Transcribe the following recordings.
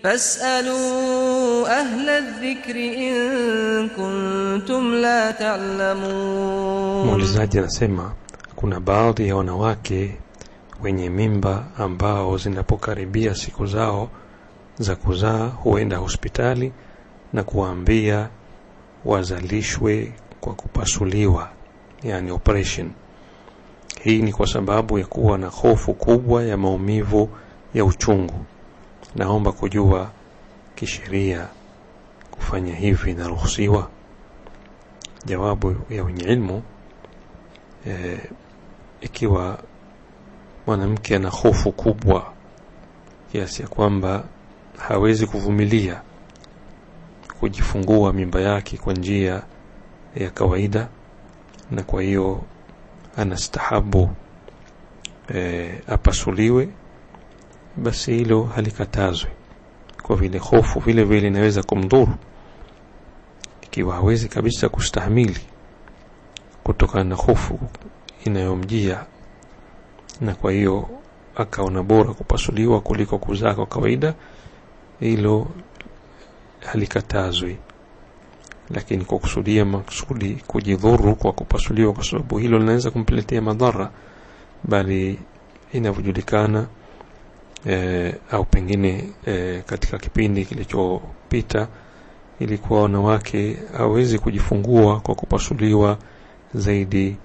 Fasalu ahla dhikri in kuntum la ta'lamun. Muulizaji anasema kuna baadhi ya wanawake wenye mimba ambao zinapokaribia siku zao za kuzaa huenda hospitali na kuambia wazalishwe kwa kupasuliwa, yani operation. Hii ni kwa sababu ya kuwa na hofu kubwa ya maumivu ya uchungu naomba kujua kisheria kufanya hivi inaruhusiwa jawabu ya wenye ilmu e, ikiwa mwanamke ana hofu kubwa kiasi ya kwamba hawezi kuvumilia kujifungua mimba yake kwa njia ya kawaida na kwa hiyo anastahabu e, apasuliwe basi hilo halikatazwi kwa vile hofu vile vile inaweza kumdhuru ikiwa hawezi kabisa kustahimili kutokana na hofu inayomjia na kwa hiyo akaona bora kupasuliwa kuliko kuzaa kwa kawaida hilo halikatazwi lakini kwa kusudia maksudi kujidhuru kwa kupasuliwa kwa sababu hilo linaweza kumpletea madhara bali inavyojulikana e, au pengine e, katika kipindi kilichopita ilikuwa wanawake hawezi kujifungua kwa kupasuliwa zaidi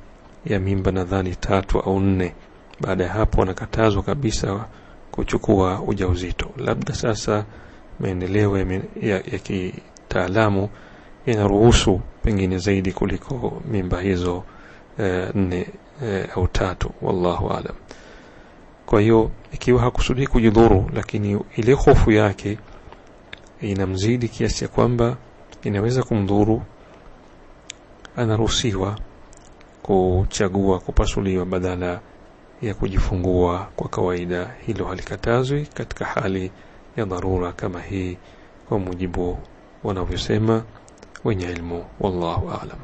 ya mimba nadhani tatu au nne baada ya hapo wanakatazwa kabisa kuchukua ujauzito labda sasa maendeleo ya, ya, ya kitaalamu yanaruhusu pengine zaidi kuliko mimba hizo eh, nne e, au tatu wallahu alam kwa hiyo ikiwa hakusudii kujidhuru lakini ile hofu yake inamzidi kiasi ya kwamba inaweza kumdhuru anaruhusiwa kuchagua kupasuliwa badala ya kujifungua kwa kawaida hilo halikatazwi katika hali ya dharura kama hii kwa mujibu wanavyosema wenye ilmu wallahu aalam